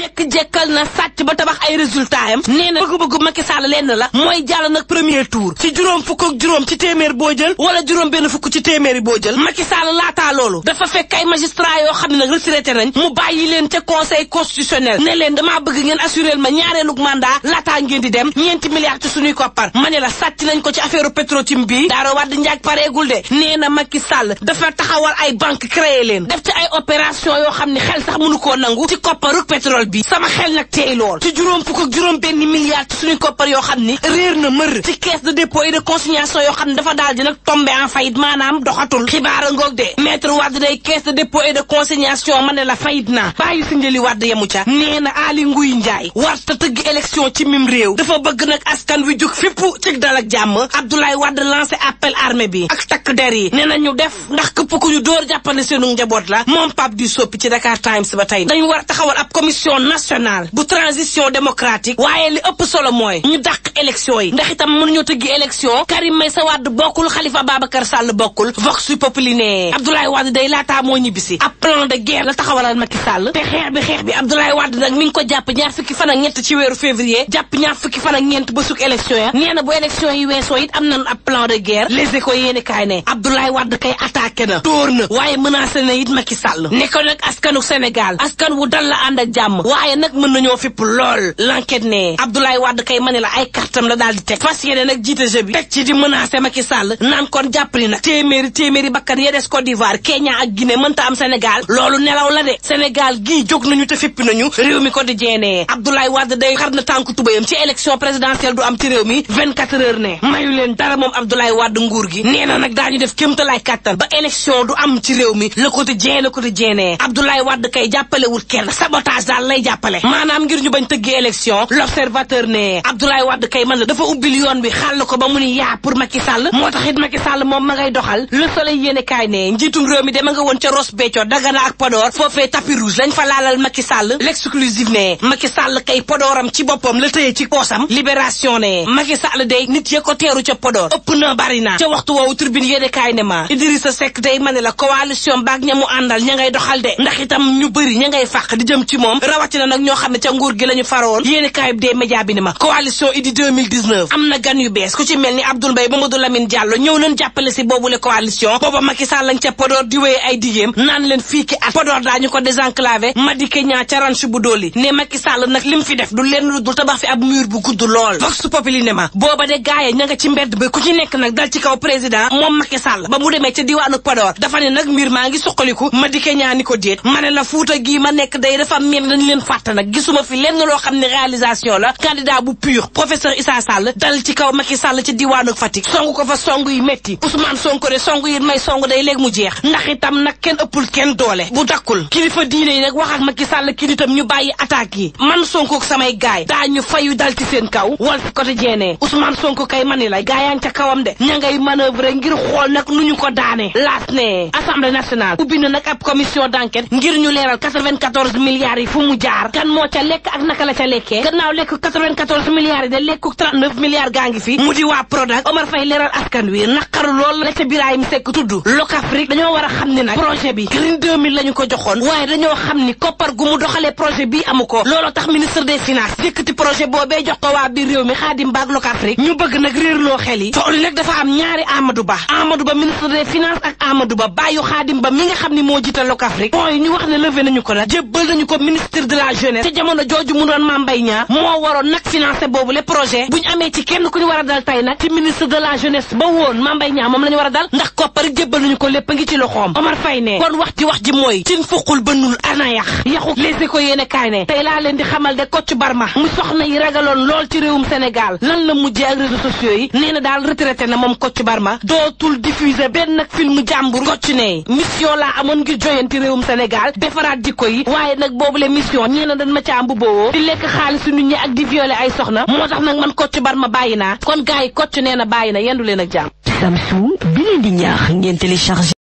jekk-jekkal na sàcc ba tabax ay résultat am nee na bëgg-bëggu Macky Sall lenn la mooy jàll nag premier tour ci juróom fukk ak juróom ci téeméer boo jël wala juróom benn fukk ci téeméeri boo jël Macky Sall laataa loolu dafa fekk ay magistrat yoo xam ne nag retraité nañ mu bàyyi leen ca conseil constitutionnel ne leen damaa bëgg ngeen assuré ma ñaareelug mandat laata ngeen di dem ñeenti milliards ci suñuy koppar ma ne nañ ko ci affaire Petro-Tim bi daara wàdd njaag pareegul de nee na Macky Sall dafa taxawal ay banque créé leen def ci ay opération yoo xam ne xel sax nangu ci kopparug pétrole bi sama xel nag teey lool ci juróom fukk ak juróom benn milliard ci suñu koppar yoo xam ni réer na mër ci caisse de dépôt et de consignation yoo xam ne dafa daal nag tombé en faillite maanaam doxatul xibaara ngoog de maître Wade day caisse de dépôt et de consignation ma ne la faillite naa bàyyi si njëli Wade yemu ca nee na Aly Ngouille Ndiaye warta tëgg élection ci mim réew dafa bëgg nag askan wi jóg fipp ci dal ak jàmm Abdoulaye Wade lancé appel armée bi ak takk yi nee na ñu def ndax këpp ku ñu dóor jàppane la moom Pape du soppi ci a commission nationale bu transition démocratique waaye li ëpp solo mooy ñu dàq élection yi ndax itam mënuñoo tëggi élection Karim Meïssa Wade bokkul Khalifa Babacar Sall bokkul Vox Populi ne Abdoulaye Wade day laataa moo ñibbisi ab plan de guerre la taxawalal Macky Sall te xeex bi xeex bi Abdoulaye Wade nag mi ko jàpp ñaar fukki fan ak ñett ci weeru février jàpp ñaar fukki fan ak ñeent ba suk élection ya nee na bu élection yi weesoo it am nañ ab plan de guerre les échos yéeni kaay ne Abdoulaye Wade kay attaqué na tóor na waaye menacé na la ànd ak jàmm kay mane la partam la daal di teg fas yéene nag jiite jeu teg ci di menacer Macky Sall naan kon jàppali nag téeméeri téeméeri bakkan ya des d'Ivoire Kenya ak Guinée mënta am Sénégal loolu nelaw la de Sénégal gi jóg nañu te fippi nañu réew mi ko di jeenee Abdoulaye Wade day xar na tànku tubayam ci élection présidentielle du am ci réew mi 24 heures ne mayu leen dara moom Abdoulaye Wade nguur gi nee na nag daañu def kéemtalaay kàttan ba élection du am ci réew mi le côté jeen le côté jeenee Abdoulaye Wade kay jàppalewul kenn sabotage daal lay jàppale tey man la dafa ubbil yoon bi xàll ko ba mu ni yaa pour Macky Sall moo tax it Macky Sall moom ma ngay doxal le soleil yéene kaay ne njiitum réew mi dama nga woon ca Ross Béthio Dagana ak Podor foofee tapis rouge lañ fa laalal Macky Sall l'exclusive nit ya ko teeru ca Podor ëpp na bari ca waxtu woowu tribune yéene kaay ne ma Idrissa Seck day ma ne la coalition baag ña àndal ña doxal de ndax itam ñu bëri ña ngay di jëm ci moom rawatina nag ñoo xam ne ca nguur 2019 am na gan yu bees ku ci mel ni Abdoul Mbaye Mamadou Lamine Diallo ñëw nañ jàppale si boobule coalition booba Macky Sall lañ ca Podor di ay digéem naan leen fii ki at Podor daañu ko désenclavé ab mur bu gudd lool vox populi ma booba de gaaye ña ci mbedd ba ku ci nekk nag dal ci kaw président moom Macky Sall ba mu demee ca diwaanu Podor dafa ne nag mbir maa ngi suqaliku Madické Niang ni ko déet ma ne la fuuta gii ma nekk day dafa mel dañ leen professeur Issa Sall dal ci kaw Macky Sall ci diwaanu Fatick song ko fa song yu métti Ousmane Sonko de song yi may song day léegi mu jeex ndax itam nag kenn ëppul doole bu dakkul kilifa diine yi nag wax ak Sall kii itam ñu bàyyi attaques yi man Sonko ak samay gaay daañu fayu dal ci seen kaw wal fi côté jeenee Ousmane kay mani la gaayaan ca kawam de ña ngay ngir xool nag nu ñu ko daane laas ne Assemblée nationale ubbi na nag ab chèque 39 milliards gaa ngi fi mu di waa Prodac Omar Faye leeral askan wi naqaru lool la ca Birahim Seck tudd Locafrique dañoo war a xam ni nag projet bi Green 2000 la ko joxoon waaye dañoo xam ni koppar gu mu doxalee projet bi amu ko looloo tax ministre des finances yëkkati projet boobee jox ko waa biir réew mi Xaadim Ba ak Locafrique ñu bëgg nag réerloo xel yi coow li nag dafa am ñaari Amadou Ba Amadou Ba ministre des finances ak Amadou Ba bàyyu projet buñ amé ci kenn ku ñu wara dal tay nak ci ministre de la jeunesse ba woon ma mbay Niang mom lañu wara dal ndax ko par jébbal ñu ko lépp ngi ci loxom Omar Faye ne kon wax ci wax ji mooy cin fuqul bënnul ana yax yaxu les éco yene kaay ne tey laa leen di xamal de coach Barma mu soxna yi ragalon lol ci réewum Sénégal lan la mujjé ak réseaux sociaux yi néna dal retraité na mom coach Barma dootul diffuser ben nak film jambour coach ne mission la amone ngir joyenti réewum Sénégal defaraat jikko yi nak bobu le mission néna dañ ma caam bu boowoo di lek xaalis nit ñi ak di violer ay soxna motax nak man Kocc Barma bàyyi naa kon gars yi Kocc nee na bàyyi na yendu leen ak jàmm Samsung bi leen di ñaax ngeen téléchargé